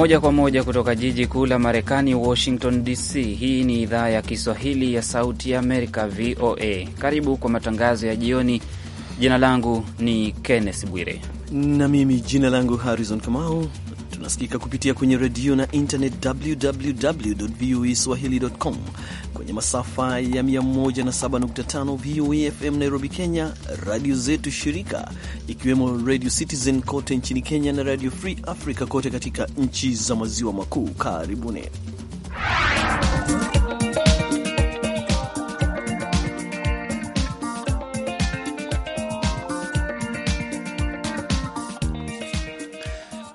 Moja kwa moja kutoka jiji kuu la Marekani, Washington DC. Hii ni idhaa ya Kiswahili ya Sauti ya Amerika, VOA. Karibu kwa matangazo ya jioni. Jina langu ni Kenneth Bwire na mimi jina langu Harrison Kamau tunasikika kupitia kwenye redio na internet www voa swahili.com, kwenye masafa ya 107.5 VOA FM Nairobi, Kenya, radio zetu shirika ikiwemo Radio Citizen kote nchini Kenya na Radio Free Africa kote katika nchi za maziwa makuu. Karibuni.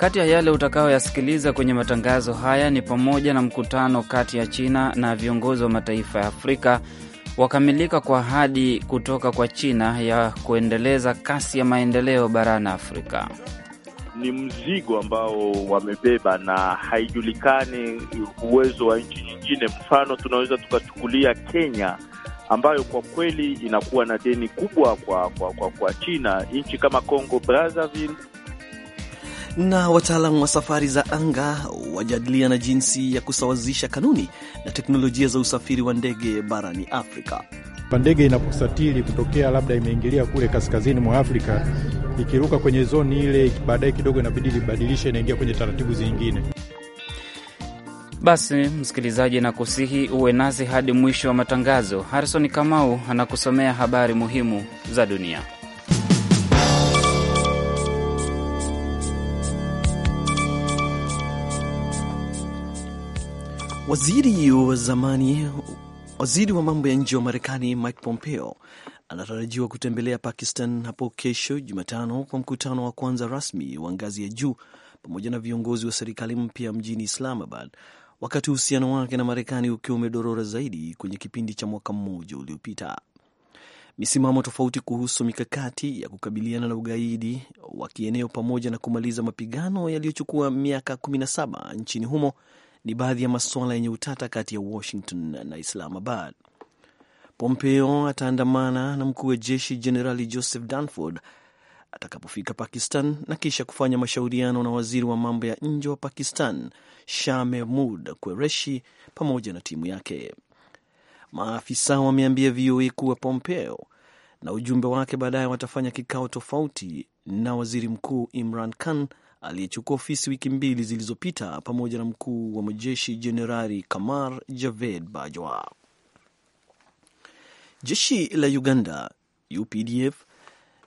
Kati ya yale utakayoyasikiliza kwenye matangazo haya ni pamoja na mkutano kati ya China na viongozi wa mataifa ya Afrika wakamilika kwa ahadi kutoka kwa China ya kuendeleza kasi ya maendeleo barani Afrika. Ni mzigo ambao wamebeba na haijulikani uwezo wa nchi nyingine. Mfano, tunaweza tukachukulia Kenya ambayo kwa kweli inakuwa na deni kubwa kwa, kwa, kwa, kwa China. Nchi kama Congo Brazzaville na wataalamu wa safari za anga wajadiliana jinsi ya kusawazisha kanuni na teknolojia za usafiri wa ndege barani Afrika. Ndege inaposatili kutokea labda imeingilia kule kaskazini mwa Afrika, ikiruka kwenye zoni ile, baadaye kidogo inabidi vibadilishe inaingia kwenye taratibu zingine. Basi msikilizaji, nakusihi uwe nasi hadi mwisho wa matangazo. Harison Kamau anakusomea habari muhimu za dunia. Waziri wa zamani, waziri wa mambo ya nje wa Marekani Mike Pompeo anatarajiwa kutembelea Pakistan hapo kesho Jumatano kwa mkutano wa kwanza rasmi wa ngazi ya juu pamoja na viongozi wa serikali mpya mjini Islamabad, wakati uhusiano wake na Marekani ukiwa umedorora zaidi kwenye kipindi cha mwaka mmoja uliopita. Misimamo tofauti kuhusu mikakati ya kukabiliana na ugaidi wa kieneo pamoja na kumaliza mapigano yaliyochukua miaka 17 nchini humo ni baadhi ya masuala yenye utata kati ya Washington na Islamabad. Pompeo ataandamana na mkuu wa jeshi Jenerali Joseph Dunford atakapofika Pakistan na kisha kufanya mashauriano na waziri wa mambo ya nje wa Pakistan Shah mehmud Qureshi pamoja na timu yake. Maafisa wameambia VOA kuwa Pompeo na ujumbe wake baadaye watafanya kikao tofauti na waziri mkuu Imran Khan aliyechukua ofisi wiki mbili zilizopita pamoja na mkuu wa majeshi Jenerali Kamar Javed Bajwa. Jeshi la Uganda UPDF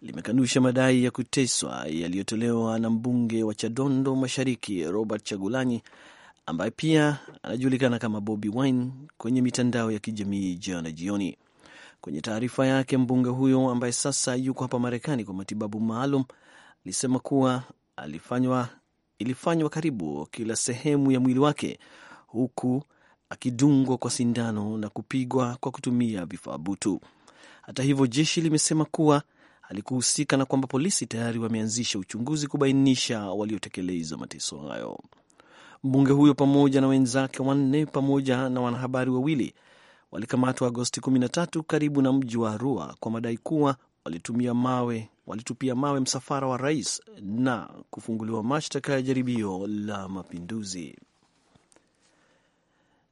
limekanusha madai ya kuteswa yaliyotolewa na mbunge wa Chadondo Mashariki Robert Chagulanyi ambaye pia anajulikana kama Bobi Wine kwenye mitandao ya kijamii jana jioni. Kwenye taarifa yake, mbunge huyo ambaye sasa yuko hapa Marekani kwa matibabu maalum alisema kuwa alifanywa, ilifanywa karibu kila sehemu ya mwili wake huku akidungwa kwa sindano na kupigwa kwa kutumia vifaa butu. Hata hivyo, jeshi limesema kuwa alikuhusika na kwamba polisi tayari wameanzisha uchunguzi kubainisha waliotekeleza mateso hayo. Mbunge huyo pamoja na wenzake wanne pamoja na wanahabari wawili walikamatwa Agosti 13 karibu na mji wa Arua kwa madai kuwa walitumia mawe, walitupia mawe msafara wa rais na kufunguliwa mashtaka ya jaribio la mapinduzi.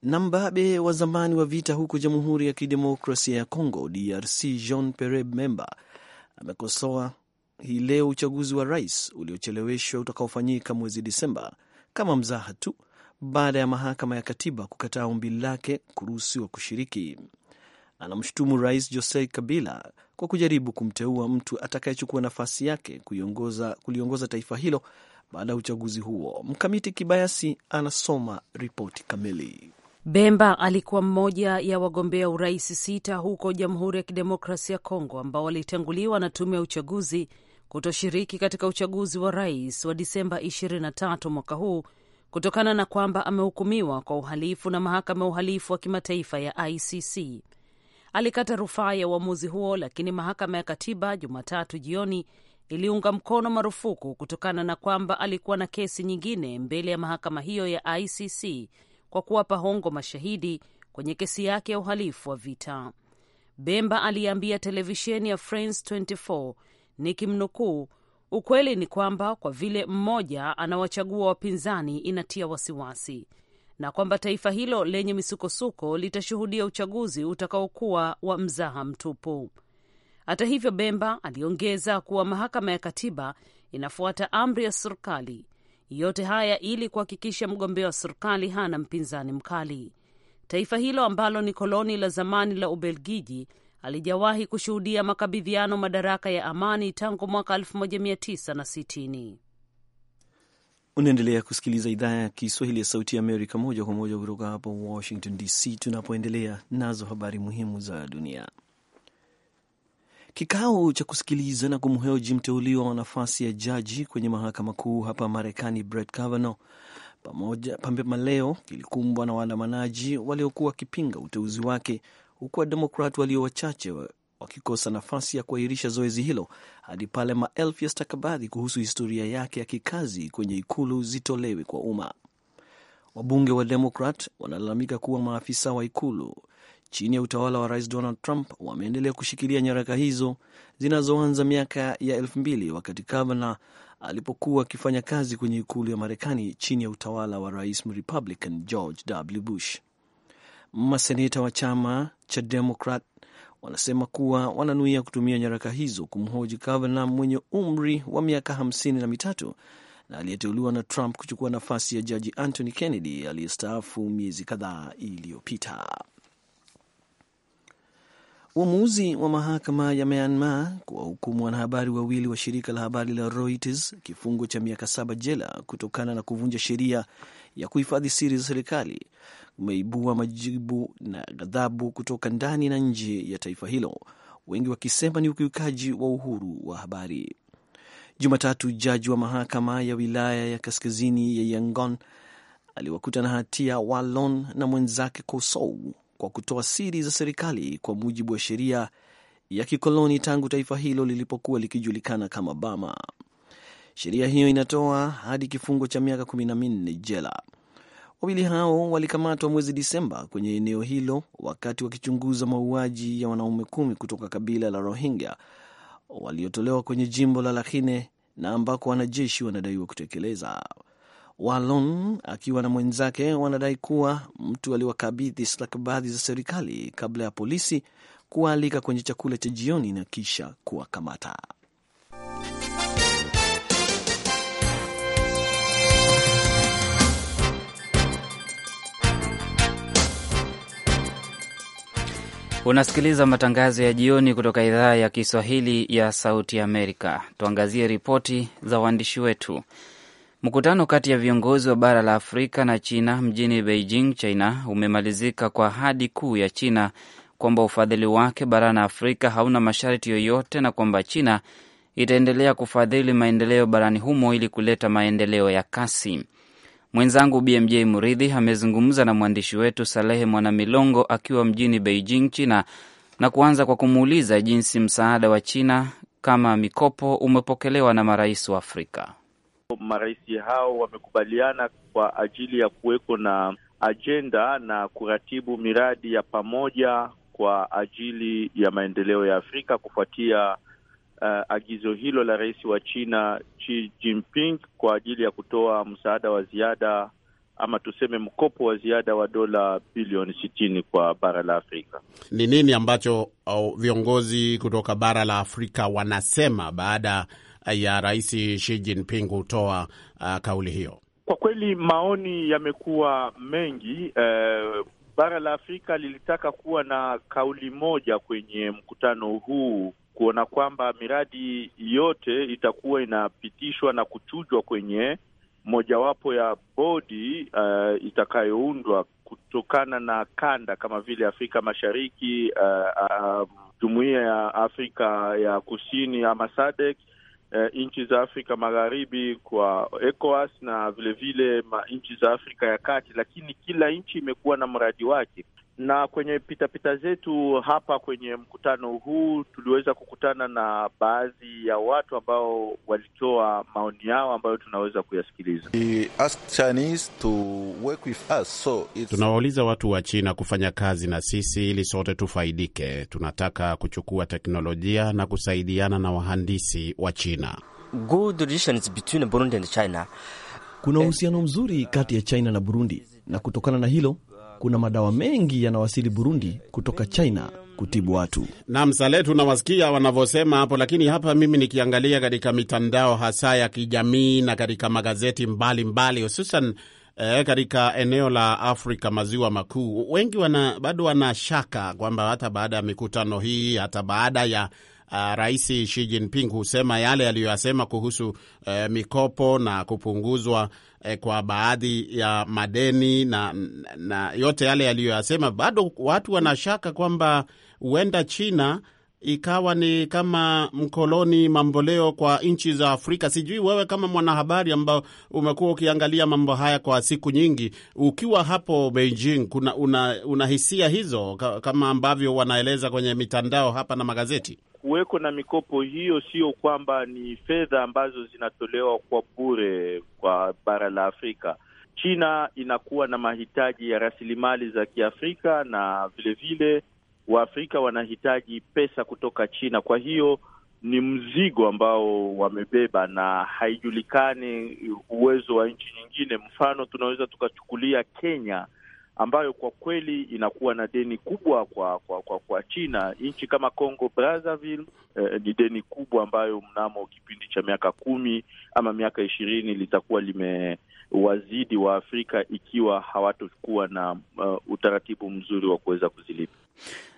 Na mbabe wa zamani wa vita huko Jamhuri ya Kidemokrasia ya congo DRC Jean Pierre Bemba amekosoa hii leo uchaguzi wa rais uliocheleweshwa utakaofanyika mwezi disemba kama mzaha tu baada ya mahakama ya katiba kukataa ombi lake kuruhusiwa kushiriki anamshutumu Rais jose Kabila kwa kujaribu kumteua mtu atakayechukua nafasi yake kuiongoza, kuliongoza taifa hilo baada ya uchaguzi huo. Mkamiti Kibayasi anasoma ripoti kamili. Bemba alikuwa mmoja ya wagombea urais sita huko Jamhuri ya Kidemokrasia ya Kongo ambao walitanguliwa na tume ya uchaguzi kutoshiriki katika uchaguzi wa rais wa Disemba 23 mwaka huu kutokana na kwamba amehukumiwa kwa uhalifu na mahakama ya uhalifu wa kimataifa ya ICC alikata rufaa ya uamuzi huo, lakini mahakama ya katiba Jumatatu jioni iliunga mkono marufuku kutokana na kwamba alikuwa na kesi nyingine mbele ya mahakama hiyo ya ICC kwa kuwapa hongo mashahidi kwenye kesi yake ya uhalifu wa vita. Bemba aliambia televisheni ya France 24 nikimnukuu, ukweli ni kwamba kwa vile mmoja anawachagua wapinzani inatia wasiwasi na kwamba taifa hilo lenye misukosuko litashuhudia uchaguzi utakaokuwa wa mzaha mtupu. Hata hivyo, Bemba aliongeza kuwa mahakama ya katiba inafuata amri ya serikali. Yote haya ili kuhakikisha mgombea wa serikali hana mpinzani mkali. Taifa hilo ambalo ni koloni la zamani la Ubelgiji alijawahi kushuhudia makabidhiano madaraka ya amani tangu mwaka 1960. Unaendelea kusikiliza idhaa ya Kiswahili ya Sauti ya Amerika moja kwa moja kutoka hapa Washington DC, tunapoendelea nazo habari muhimu za dunia. Kikao cha kusikiliza na kumhoji mteuliwa wa nafasi ya jaji kwenye mahakama kuu hapa Marekani Brett Kavanaugh pamoja pambema leo kilikumbwa na waandamanaji waliokuwa wakipinga uteuzi wake, huku Wademokrat walio wachache wakikosa nafasi ya kuahirisha zoezi hilo hadi pale maelfu ya stakabadhi kuhusu historia yake ya kikazi kwenye ikulu zitolewe kwa umma. Wabunge wa Demokrat wanalalamika kuwa maafisa wa ikulu chini ya utawala wa Rais Donald Trump wameendelea kushikilia nyaraka hizo zinazoanza miaka ya elfu mbili wakati Kavanaugh alipokuwa akifanya kazi kwenye ikulu ya Marekani chini ya utawala wa Rais Republican George W. Bush. Maseneta wa chama cha Demokrat wanasema kuwa wananuia kutumia nyaraka hizo kumhoji Kavanaugh mwenye umri wa miaka hamsini na mitatu na aliyeteuliwa na Trump kuchukua nafasi ya jaji Anthony Kennedy aliyestaafu miezi kadhaa iliyopita. Uamuzi wa mahakama ya Myanmar kuwahukumu wanahabari wawili wa shirika la habari la Reuters kifungo cha miaka saba jela kutokana na kuvunja sheria ya kuhifadhi siri za serikali umeibua majibu na ghadhabu kutoka ndani na nje ya taifa hilo, wengi wakisema ni ukiukaji wa uhuru wa habari. Jumatatu, jaji wa mahakama ya wilaya ya kaskazini ya Yangon aliwakuta na hatia walon na mwenzake Kosou kwa kutoa siri za serikali kwa mujibu wa sheria ya kikoloni tangu taifa hilo lilipokuwa likijulikana kama Bama. Sheria hiyo inatoa hadi kifungo cha miaka kumi na minne jela. Wawili hao walikamatwa mwezi Disemba kwenye eneo hilo wakati wakichunguza mauaji ya wanaume kumi kutoka kabila la Rohingya waliotolewa kwenye jimbo la Rakhine na ambako wanajeshi wanadaiwa kutekeleza. walon akiwa na mwenzake wanadai kuwa mtu aliwakabidhi stakabadhi za serikali kabla ya polisi kuwaalika kwenye chakula cha jioni na kisha kuwakamata. Unasikiliza matangazo ya jioni kutoka idhaa ya Kiswahili ya Sauti Amerika. Tuangazie ripoti za waandishi wetu. Mkutano kati ya viongozi wa bara la Afrika na China mjini Beijing, China, umemalizika kwa ahadi kuu ya China kwamba ufadhili wake barani Afrika hauna masharti yoyote na kwamba China itaendelea kufadhili maendeleo barani humo ili kuleta maendeleo ya kasi. Mwenzangu BMJ Muridhi amezungumza na mwandishi wetu Salehe Mwanamilongo akiwa mjini Beijing, China, na kuanza kwa kumuuliza jinsi msaada wa China kama mikopo umepokelewa na marais wa Afrika. Marais hao wamekubaliana kwa ajili ya kuweko na ajenda na kuratibu miradi ya pamoja kwa ajili ya maendeleo ya Afrika kufuatia uh, agizo hilo la rais wa China Xi Jinping kwa ajili ya kutoa msaada wa ziada ama tuseme mkopo wa ziada wa dola bilioni sitini kwa bara la Afrika. Ni nini ambacho viongozi kutoka bara la Afrika wanasema baada ya rais Xi Jinping kutoa uh, kauli hiyo? Kwa kweli maoni yamekuwa mengi uh, bara la Afrika lilitaka kuwa na kauli moja kwenye mkutano huu kuona kwamba miradi yote itakuwa inapitishwa na kuchujwa kwenye mojawapo ya bodi uh, itakayoundwa kutokana na kanda kama vile Afrika Mashariki, uh, uh, ya Afrika ya Kusini ama SADC, uh, nchi za Afrika Magharibi kwa ECOWAS na vilevile nchi za Afrika ya Kati, lakini kila nchi imekuwa na mradi wake na kwenye pitapita zetu hapa kwenye mkutano huu tuliweza kukutana na baadhi ya watu ambao walitoa maoni yao ambayo tunaweza kuyasikiliza. So tunawauliza watu wa China kufanya kazi na sisi ili sote tufaidike. Tunataka kuchukua teknolojia na kusaidiana na wahandisi wa China. Good relations between Burundi and China. Kuna uhusiano mzuri kati ya China na Burundi, na kutokana na hilo kuna madawa mengi yanawasili Burundi kutoka China kutibu watu. Naam, Sale, tunawasikia wanavyosema hapo, lakini hapa mimi nikiangalia katika mitandao hasa ya kijamii na katika magazeti mbalimbali hususan E, katika eneo la Afrika maziwa makuu wengi wana, bado wana shaka kwamba hata baada ya mikutano hii hata baada ya uh, Rais Xi Jinping husema yale aliyoyasema kuhusu uh, mikopo na kupunguzwa eh, kwa baadhi ya madeni na, na yote yale yaliyoyasema, bado watu wanashaka kwamba huenda China ikawa ni kama mkoloni mamboleo kwa nchi za Afrika. Sijui wewe kama mwanahabari ambao umekuwa ukiangalia mambo haya kwa siku nyingi, ukiwa hapo Beijing, kuna una, una hisia hizo kama ambavyo wanaeleza kwenye mitandao hapa na magazeti? kuweko na mikopo hiyo, sio kwamba ni fedha ambazo zinatolewa kwa bure kwa bara la Afrika. China inakuwa na mahitaji ya rasilimali za Kiafrika na vilevile Waafrika wanahitaji pesa kutoka China. Kwa hiyo ni mzigo ambao wamebeba na haijulikani uwezo wa nchi nyingine. Mfano tunaweza tukachukulia Kenya ambayo kwa kweli inakuwa na deni kubwa kwa kwa kwa, kwa China. Nchi kama Congo Brazzaville eh, ni deni kubwa ambayo mnamo kipindi cha miaka kumi ama miaka ishirini litakuwa limewazidi wa Afrika ikiwa hawatokuwa na uh, utaratibu mzuri wa kuweza kuzilipa.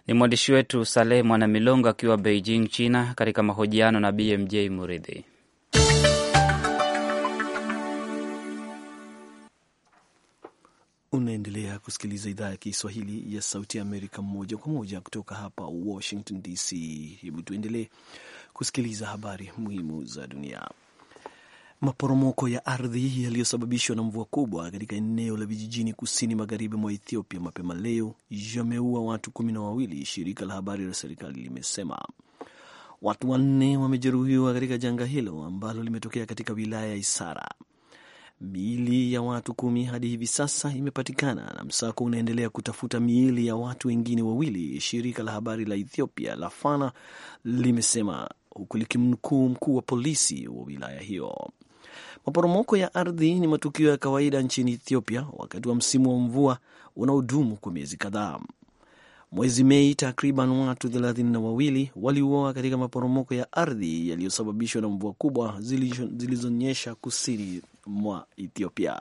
Ni mwandishi wetu Saleh Mwanamilongo akiwa Beijing, China, katika mahojiano na BMJ Muridhi. Unaendelea kusikiliza idhaa ya Kiswahili ya Sauti ya Amerika moja kwa moja kutoka hapa Washington DC. Hebu tuendelee kusikiliza habari muhimu za dunia. Maporomoko ya ardhi yaliyosababishwa na mvua kubwa katika eneo la vijijini kusini magharibi mwa Ethiopia mapema leo yameua watu kumi na wawili, shirika la habari la serikali limesema. Watu wanne wamejeruhiwa katika janga hilo ambalo limetokea katika wilaya ya Isara. Miili ya watu kumi hadi hivi sasa imepatikana na msako unaendelea kutafuta miili ya watu wengine wawili, shirika la habari la Ethiopia la Fana limesema huku likimnukuu mkuu wa polisi wa wilaya hiyo. Maporomoko ya ardhi ni matukio ya kawaida nchini Ethiopia wakati wa msimu wa mvua unaodumu kwa miezi kadhaa. Mwezi Mei, takriban watu thelathini na wawili waliuawa katika maporomoko ya ardhi yaliyosababishwa na mvua kubwa zilizonyesha kusini mwa Ethiopia.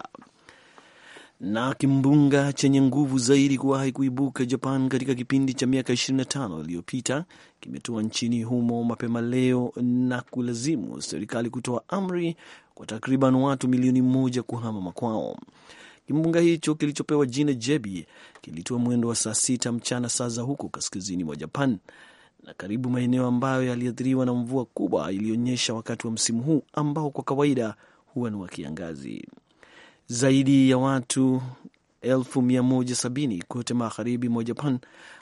Na kimbunga chenye nguvu zaidi kuwahi kuibuka Japan katika kipindi cha miaka 25 iliyopita kimetua nchini humo mapema leo na kulazimu serikali kutoa amri kwa takriban watu milioni moja kuhama makwao. Kimbunga hicho kilichopewa jina Jebi kilitua mwendo wa saa sita mchana saa za huko kaskazini mwa Japan na karibu maeneo ambayo yaliathiriwa na mvua kubwa iliyonyesha wakati wa msimu huu ambao kwa kawaida huwa ni wa kiangazi. Zaidi ya watu 170 kote magharibi mwa Japan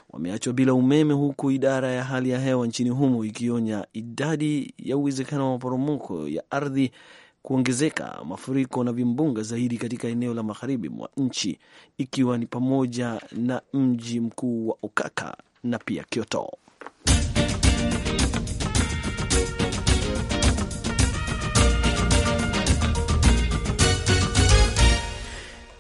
wameachwa bila umeme, huku idara ya hali ya hewa nchini humo ikionya idadi ya uwezekano wa maporomoko ya ardhi kuongezeka, mafuriko na vimbunga zaidi katika eneo la magharibi mwa nchi, ikiwa ni pamoja na mji mkuu wa okaka na pia Kyoto.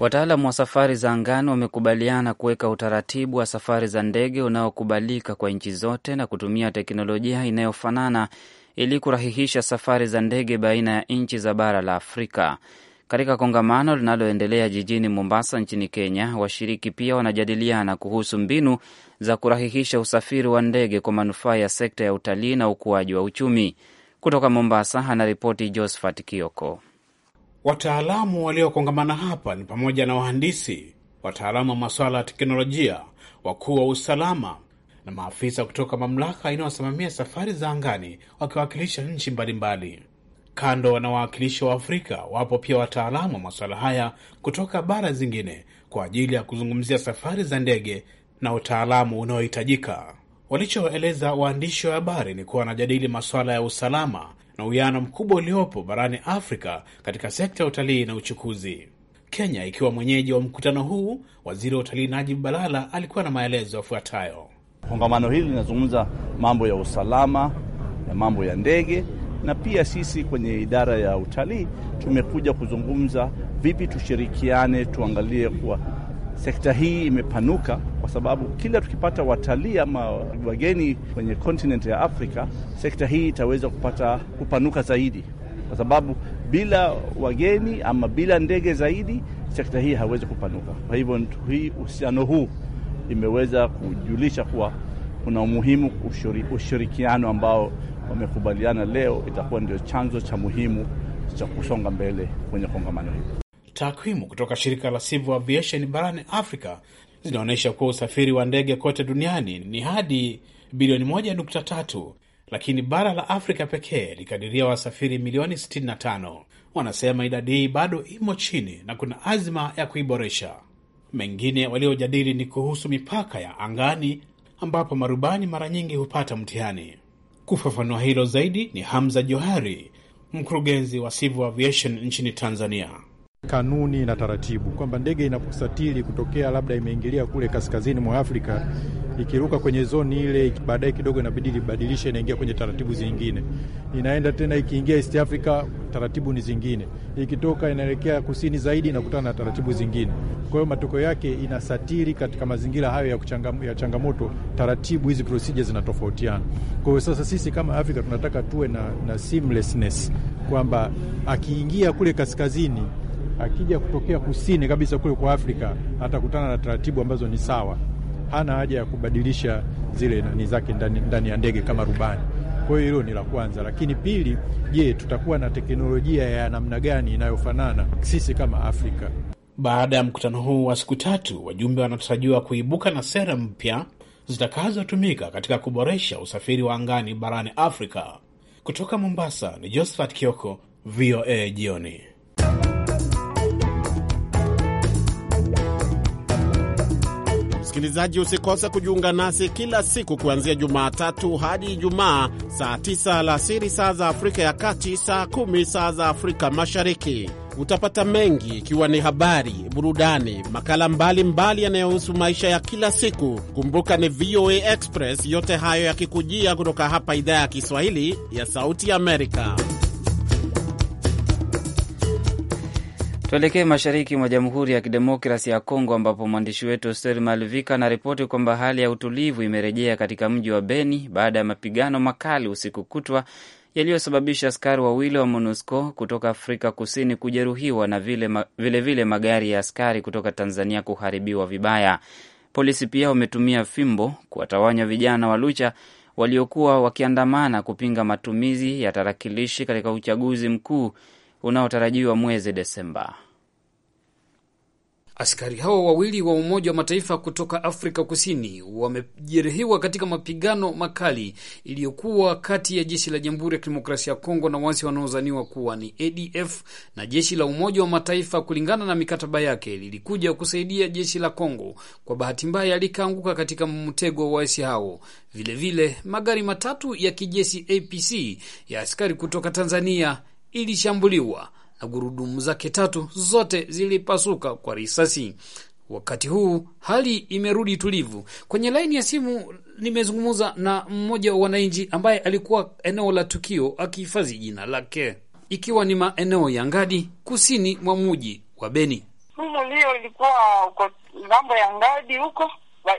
Wataalam wa safari za angani wamekubaliana kuweka utaratibu wa safari za ndege unaokubalika kwa nchi zote na kutumia teknolojia inayofanana ili kurahihisha safari za ndege baina ya nchi za bara la Afrika. Katika kongamano linaloendelea jijini Mombasa nchini Kenya, washiriki pia wanajadiliana kuhusu mbinu za kurahihisha usafiri wa ndege kwa manufaa ya sekta ya utalii na ukuaji wa uchumi. Kutoka Mombasa anaripoti Josephat Kioko. Wataalamu waliokongamana hapa ni pamoja na wahandisi, wataalamu wa masuala ya teknolojia, wakuu wa usalama na maafisa kutoka mamlaka inayosimamia safari za angani wakiwakilisha nchi mbalimbali. Kando na wawakilishi wa Afrika, wapo pia wataalamu wa masuala haya kutoka bara zingine kwa ajili ya kuzungumzia safari za ndege na utaalamu unaohitajika. Walichoeleza waandishi wa habari ni kuwa wanajadili masuala ya usalama na uwiano mkubwa uliopo barani Afrika katika sekta ya utalii na uchukuzi. Kenya ikiwa mwenyeji wa mkutano huu, waziri wa utalii Najib Balala alikuwa na maelezo yafuatayo. Kongamano hili linazungumza mambo ya usalama na mambo ya ndege, na pia sisi kwenye idara ya utalii tumekuja kuzungumza vipi tushirikiane, tuangalie kuwa sekta hii imepanuka kwa sababu kila tukipata watalii ama wageni kwenye kontinenti ya Afrika, sekta hii itaweza kupata kupanuka zaidi, kwa sababu bila wageni ama bila ndege zaidi, sekta hii hawezi kupanuka. Kwa hivyo hii uhusiano huu imeweza kujulisha kuwa kuna umuhimu ushirikiano ambao wamekubaliana leo itakuwa ndio chanzo cha muhimu cha kusonga mbele kwenye kongamano hili. Takwimu kutoka shirika la Civil Aviation barani Afrika zinaonyesha kuwa usafiri wa ndege kote duniani ni hadi bilioni 1.3, lakini bara la Afrika pekee likadiria wasafiri milioni 65. Wanasema idadi hii bado imo chini na kuna azma ya kuiboresha. Mengine waliojadili ni kuhusu mipaka ya angani ambapo marubani mara nyingi hupata mtihani. Kufafanua hilo zaidi ni Hamza Johari, mkurugenzi wa Civil Aviation nchini Tanzania kanuni na taratibu, kwamba ndege inaposatiri kutokea labda imeingilia kule kaskazini mwa Afrika ikiruka kwenye zoni ile, baadaye kidogo inabidi ibadilishe inaingia kwenye taratibu zingine, inaenda tena, ikiingia East Africa taratibu ni zingine, ikitoka inaelekea kusini zaidi inakutana na taratibu zingine. Kwa hiyo matokeo yake inasatiri katika mazingira hayo ya, kuchangam, ya changamoto, taratibu hizi procedure zinatofautiana. Kwa hiyo sasa sisi kama Afrika tunataka tuwe na, na seamlessness kwamba akiingia kule kaskazini akija kutokea kusini kabisa kule kwa Afrika atakutana na taratibu ambazo ni sawa. Hana haja ya kubadilisha zile nani zake ndani, ndani ya ndege kama rubani. Kwa hiyo hilo ni la kwanza, lakini pili, je, tutakuwa na teknolojia ya namna gani inayofanana sisi kama Afrika? Baada ya mkutano huu wa siku tatu, wajumbe wanatarajiwa kuibuka na sera mpya zitakazotumika katika kuboresha usafiri wa angani barani Afrika. Kutoka Mombasa ni Josephat Kioko, VOA Jioni. Msikilizaji, usikose kujiunga nasi kila siku kuanzia Jumatatu hadi Ijumaa saa 9 alasiri saa za Afrika ya Kati, saa kumi saa za Afrika Mashariki. Utapata mengi ikiwa ni habari, burudani, makala mbalimbali yanayohusu maisha ya kila siku. Kumbuka ni VOA Express, yote hayo yakikujia kutoka hapa idhaa ya Kiswahili ya Sauti Amerika. Tuelekee mashariki mwa Jamhuri ya Kidemokrasi ya Kongo, ambapo mwandishi wetu hoster malvika anaripoti kwamba hali ya utulivu imerejea katika mji wa Beni baada ya mapigano makali usiku kutwa yaliyosababisha askari wawili wa MONUSCO kutoka Afrika Kusini kujeruhiwa na vilevile vile vile magari ya askari kutoka Tanzania kuharibiwa vibaya. Polisi pia wametumia fimbo kuwatawanya vijana wa Lucha waliokuwa wakiandamana kupinga matumizi ya tarakilishi katika uchaguzi mkuu unaotarajiwa mwezi Desemba. Askari hao wawili wa Umoja wa Mataifa kutoka Afrika Kusini wamejeruhiwa katika mapigano makali iliyokuwa kati ya jeshi la Jamhuri ya Kidemokrasia ya Kongo na waasi wanaozaniwa kuwa ni ADF na jeshi la Umoja wa Mataifa kulingana na mikataba yake lilikuja kusaidia jeshi la Kongo. Kwa bahati mbaya likaanguka katika mtego wa waasi hao. Vilevile vile, magari matatu ya kijeshi APC ya askari kutoka Tanzania ilishambuliwa na gurudumu zake tatu zote zilipasuka kwa risasi. Wakati huu hali imerudi tulivu. Kwenye laini ya simu nimezungumza na mmoja wa wananchi ambaye alikuwa eneo la tukio, akihifadhi jina lake, ikiwa ni maeneo ya Ngadi, kusini mwa mji wa Beni. Fuzo hiyo ilikuwa uko ngambo ya Ngadi huko,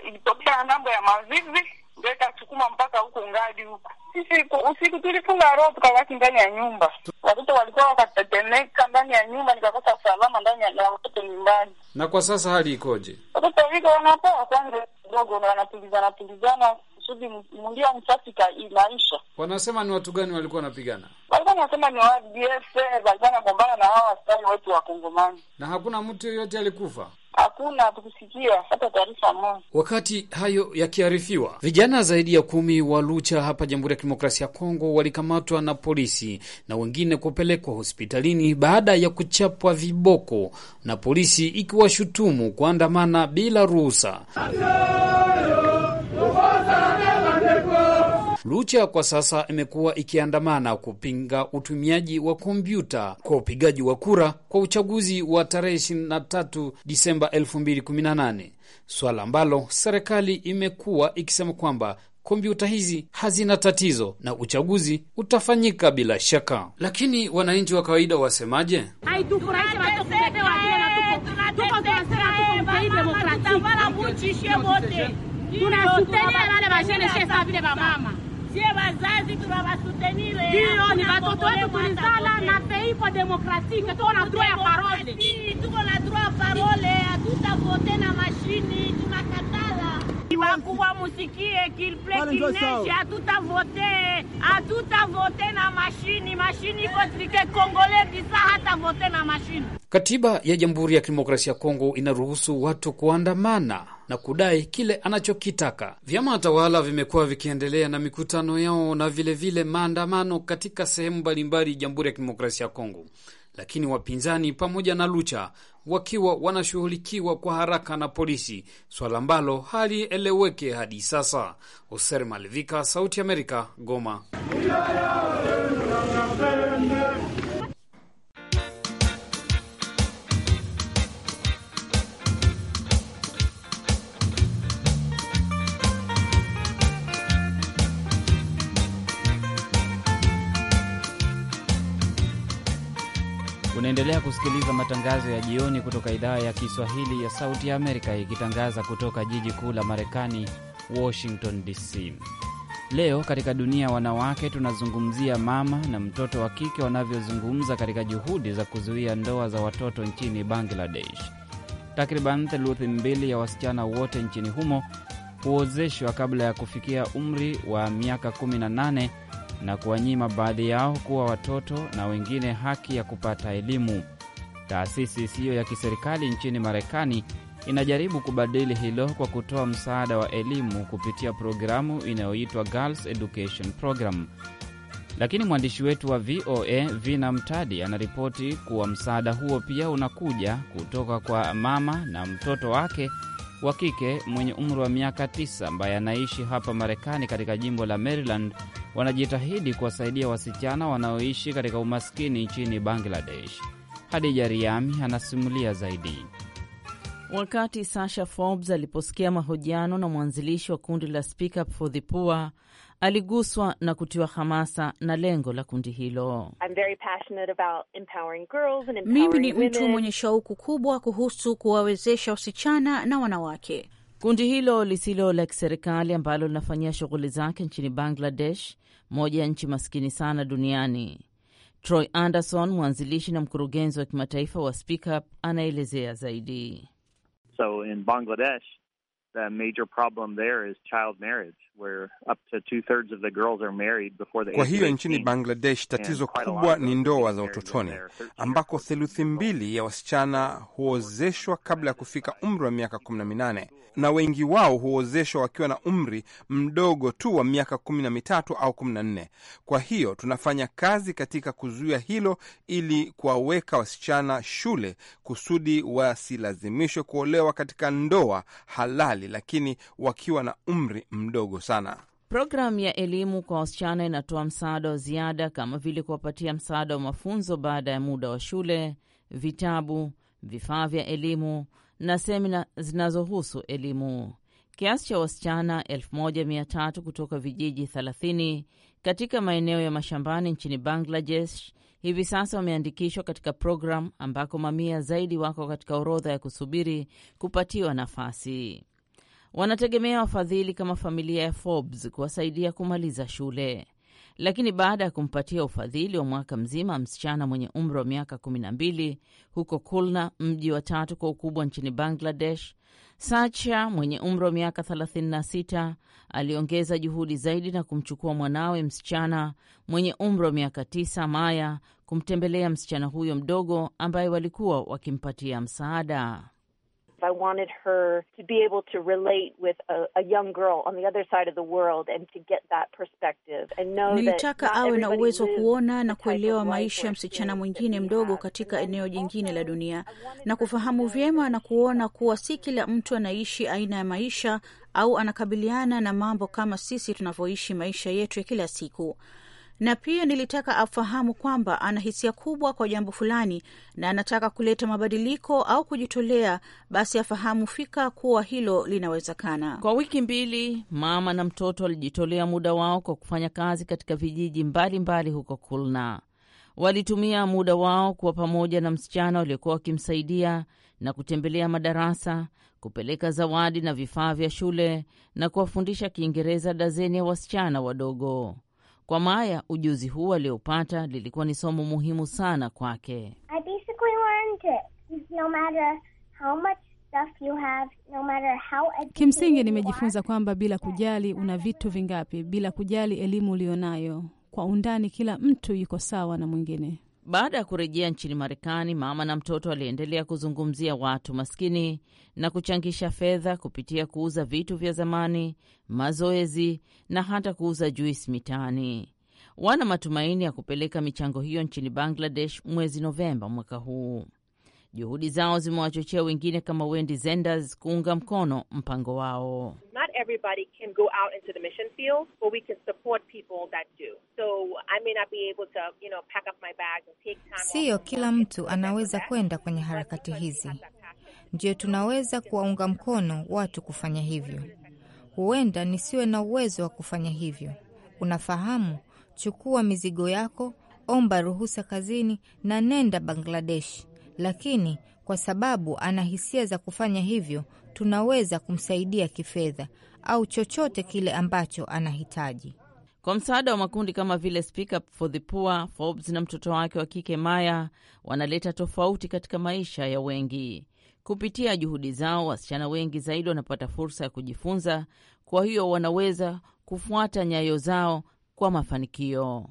ilitokea ngambo ya Mazizi weka ikasukuma mpaka huko ngadi huko. Sisi usiku tulifunga roho tukabaki ndani ya nyumba, watoto walikuwa wakatetemeka ndani ya nyumba, nikakosa usalama ndani ya watoto nyumbani. Na kwa sasa hali ikoje? Watoto wiko wanapoa kwanza kidogo, na wanapigizana kusudi mlio msafi inaisha. Wanasema ni watu gani walikuwa wanapigana? Walikuwa wanasema ni wadf, walikuwa wanagombana na hawa askari wetu wa Kongomani, na hakuna mtu yoyote alikufa hakuna kusikia hata taarifa moja. Wakati hayo yakiarifiwa, vijana zaidi ya kumi wa Lucha hapa Jamhuri ya Kidemokrasia ya Kongo walikamatwa na polisi na wengine kupelekwa hospitalini baada ya kuchapwa viboko na polisi ikiwashutumu kuandamana bila ruhusa. Lucha kwa sasa imekuwa ikiandamana kupinga utumiaji wa kompyuta kwa upigaji wa kura kwa uchaguzi wa tarehe 23 Disemba 2018, swala ambalo serikali imekuwa ikisema kwamba kompyuta hizi hazina tatizo na uchaguzi utafanyika bila shaka. Lakini wananchi wa kawaida wasemaje? sie wazazi tunawasutenire, ndio ni watoto wetu tulizala na peipo demokratike, tuko na droit ya parole, tuko na droit ya parole, hatutavote na mashini, tunakatala wakubwa musikie kilplekineshi, hatutavote hatutavote na mashini, mashini iko trike kongole bisa hivyo tena mashine. Katiba ya Jamhuri ya Kidemokrasia ya Kongo inaruhusu watu kuandamana na kudai kile anachokitaka. Vyama tawala vimekuwa vikiendelea na mikutano yao na vilevile maandamano katika sehemu mbalimbali Jamhuri ya Kidemokrasia ya Kongo, lakini wapinzani pamoja na Lucha wakiwa wanashughulikiwa kwa haraka na polisi, swala ambalo halieleweke hadi sasa. Hoser Malvika, Sauti Amerika, Goma. Unaendelea kusikiliza matangazo ya jioni kutoka idhaa ya Kiswahili ya Sauti ya Amerika ikitangaza kutoka jiji kuu la Marekani, Washington DC. Leo katika dunia ya wanawake tunazungumzia mama na mtoto wa kike wanavyozungumza katika juhudi za kuzuia ndoa za watoto nchini Bangladesh. Takriban theluthi mbili ya wasichana wote nchini humo huozeshwa kabla ya kufikia umri wa miaka 18 na kuwanyima baadhi yao kuwa watoto na wengine haki ya kupata elimu. Taasisi isiyo ya kiserikali nchini Marekani inajaribu kubadili hilo kwa kutoa msaada wa elimu kupitia programu inayoitwa Girls Education Program. Lakini mwandishi wetu wa VOA Vina Mtadi anaripoti kuwa msaada huo pia unakuja kutoka kwa mama na mtoto wake wa kike mwenye umri wa miaka tisa ambaye anaishi hapa Marekani katika jimbo la Maryland wanajitahidi kuwasaidia wasichana wanaoishi katika umaskini nchini Bangladesh. Hadija Riami anasimulia zaidi. Wakati Sasha Forbes aliposikia mahojiano na mwanzilishi wa kundi la Speak Up for the Poor aliguswa na kutiwa hamasa na lengo la kundi hilo. Mimi ni mtu mwenye shauku kubwa kuhusu kuwawezesha wasichana na wanawake. Kundi hilo lisilo la kiserikali ambalo linafanyia shughuli zake nchini Bangladesh, moja ya nchi maskini sana duniani. Troy Anderson, mwanzilishi na mkurugenzi wa kimataifa wa Speak Up, anaelezea zaidi. So in Bangladesh, the major problem there is child marriage. Kwa hiyo nchini Bangladesh tatizo kubwa ni ndoa za utotoni, ambako theluthi mbili ya wasichana huozeshwa kabla ya kufika umri wa miaka kumi na minane na wengi wao huozeshwa wakiwa na umri mdogo tu wa miaka kumi na mitatu au kumi na nne. Kwa hiyo tunafanya kazi katika kuzuia hilo ili kuwaweka wasichana shule kusudi wasilazimishwe kuolewa katika ndoa halali, lakini wakiwa na umri mdogo sana. Programu ya elimu kwa wasichana inatoa msaada wa ziada kama vile kuwapatia msaada wa mafunzo baada ya muda wa shule, vitabu, vifaa vya elimu na semina zinazohusu elimu. Kiasi cha wasichana 1300 kutoka vijiji 30 katika maeneo ya mashambani nchini Bangladesh hivi sasa wameandikishwa katika programu ambako mamia zaidi wako katika orodha ya kusubiri kupatiwa nafasi. Wanategemea wafadhili kama familia ya Forbes kuwasaidia kumaliza shule, lakini baada ya kumpatia ufadhili wa mwaka mzima msichana mwenye umri wa miaka kumi na mbili huko Kulna, mji wa tatu kwa ukubwa nchini Bangladesh, Sacha mwenye umri wa miaka 36 aliongeza juhudi zaidi na kumchukua mwanawe msichana mwenye umri wa miaka 9 Maya kumtembelea msichana huyo mdogo ambaye walikuwa wakimpatia msaada. I wanted her to be able to relate with a, a young girl on the other side of the world and to get that perspective and know nilitaka that awe na uwezo kuona na kuelewa maisha ya msichana mwingine mdogo katika eneo jingine la dunia na kufahamu vyema na kuona kuwa si kila mtu anaishi aina ya maisha au anakabiliana na mambo kama sisi tunavyoishi maisha yetu ya kila siku na pia nilitaka afahamu kwamba ana hisia kubwa kwa jambo fulani na anataka kuleta mabadiliko au kujitolea, basi afahamu fika kuwa hilo linawezekana. Kwa wiki mbili, mama na mtoto walijitolea muda wao kwa kufanya kazi katika vijiji mbalimbali mbali huko Kulna. Walitumia muda wao kuwa pamoja na msichana waliokuwa wakimsaidia na kutembelea madarasa, kupeleka zawadi na vifaa vya shule na kuwafundisha Kiingereza dazeni ya wasichana wadogo. Kwa Maya, ujuzi huu aliopata lilikuwa ni somo muhimu sana kwake. Kimsingi nimejifunza kwamba bila kujali una vitu vingapi, bila kujali elimu ulionayo, kwa undani, kila mtu yuko sawa na mwingine. Baada ya kurejea nchini Marekani, mama na mtoto aliendelea kuzungumzia watu maskini na kuchangisha fedha kupitia kuuza vitu vya zamani, mazoezi na hata kuuza juisi mitaani. Wana matumaini ya kupeleka michango hiyo nchini Bangladesh mwezi Novemba mwaka huu. Juhudi zao zimewachochea wengine kama Wendi Zenders kuunga mkono mpango wao everybody can go out into the mission field, but we can support people that do. So I may not be able to, you know, pack up my bag and take time. Sio kila mtu anaweza kwenda kwenye harakati hizi, ndio tunaweza kuwaunga mkono watu kufanya hivyo. Huenda nisiwe na uwezo wa kufanya hivyo, unafahamu. Chukua mizigo yako, omba ruhusa kazini na nenda Bangladesh, lakini kwa sababu ana hisia za kufanya hivyo, tunaweza kumsaidia kifedha au chochote kile ambacho anahitaji. Kwa msaada wa makundi kama vile Speak Up for the Poor, Forbes na mtoto wake wa kike Maya wanaleta tofauti katika maisha ya wengi. Kupitia juhudi zao, wasichana wengi zaidi wanapata fursa ya kujifunza, kwa hiyo wanaweza kufuata nyayo zao kwa mafanikio.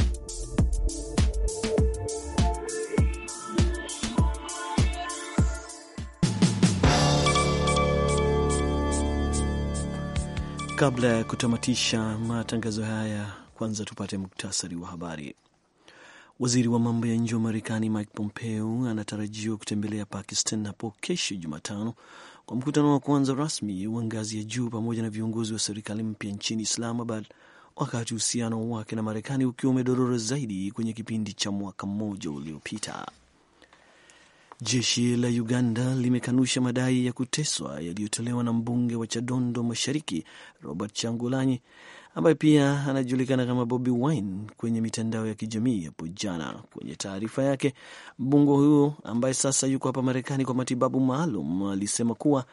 Kabla ya kutamatisha matangazo haya, kwanza tupate muktasari wa habari. Waziri wa mambo ya nje wa Marekani Mike Pompeo anatarajiwa kutembelea Pakistan hapo kesho Jumatano kwa mkutano wa kwanza rasmi wa ngazi ya juu pamoja na viongozi wa serikali mpya nchini Islamabad, wakati uhusiano wake na Marekani ukiwa umedorora zaidi kwenye kipindi cha mwaka mmoja uliopita. Jeshi la Uganda limekanusha madai ya kuteswa yaliyotolewa na mbunge wa Chadondo Mashariki Robert Changulanyi ambaye pia anajulikana kama Bobi Wine kwenye mitandao ya kijamii hapo jana. Kwenye taarifa yake, mbunge huyo ambaye sasa yuko hapa Marekani kwa matibabu maalum alisema kuwa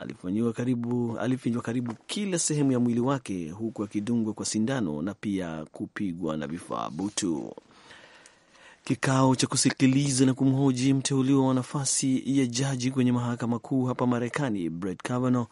alifinywa karibu, karibu kila sehemu ya mwili wake huku akidungwa kwa sindano na pia kupigwa na vifaa butu. Kikao cha kusikiliza na kumhoji mteuliwa wa nafasi ya jaji kwenye mahakama kuu hapa Marekani, Brett Kavanaugh,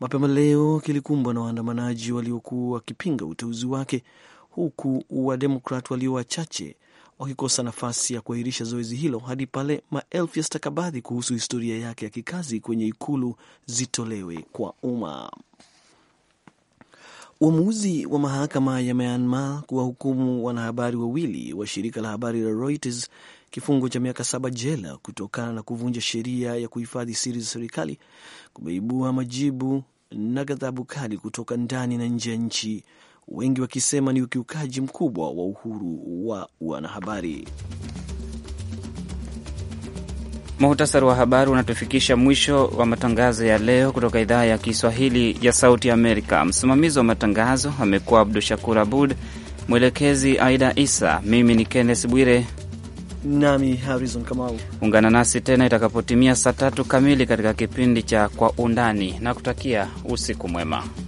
mapema leo kilikumbwa na waandamanaji waliokuwa wakipinga uteuzi wake, huku Wademokrat walio wachache wakikosa nafasi ya kuahirisha zoezi hilo hadi pale maelfu ya stakabadhi kuhusu historia yake ya kikazi kwenye ikulu zitolewe kwa umma. Uamuzi wa mahakama ya Myanmar kuwahukumu wanahabari wawili wa shirika la habari la Reuters kifungo cha miaka saba jela kutokana na kuvunja sheria ya kuhifadhi siri za serikali kumeibua majibu na ghadhabu kali kutoka ndani na nje ya nchi, wengi wakisema ni ukiukaji mkubwa wa uhuru wa wanahabari. Muhtasari wa habari unatufikisha mwisho wa matangazo ya leo kutoka idhaa ya Kiswahili ya Sauti Amerika. Msimamizi wa matangazo amekuwa Abdu Shakur Abud, mwelekezi Aida Isa, mimi ni Kennes Bwire nami Harrison Kamau. Ungana nasi tena itakapotimia saa tatu kamili katika kipindi cha Kwa Undani na kutakia usiku mwema.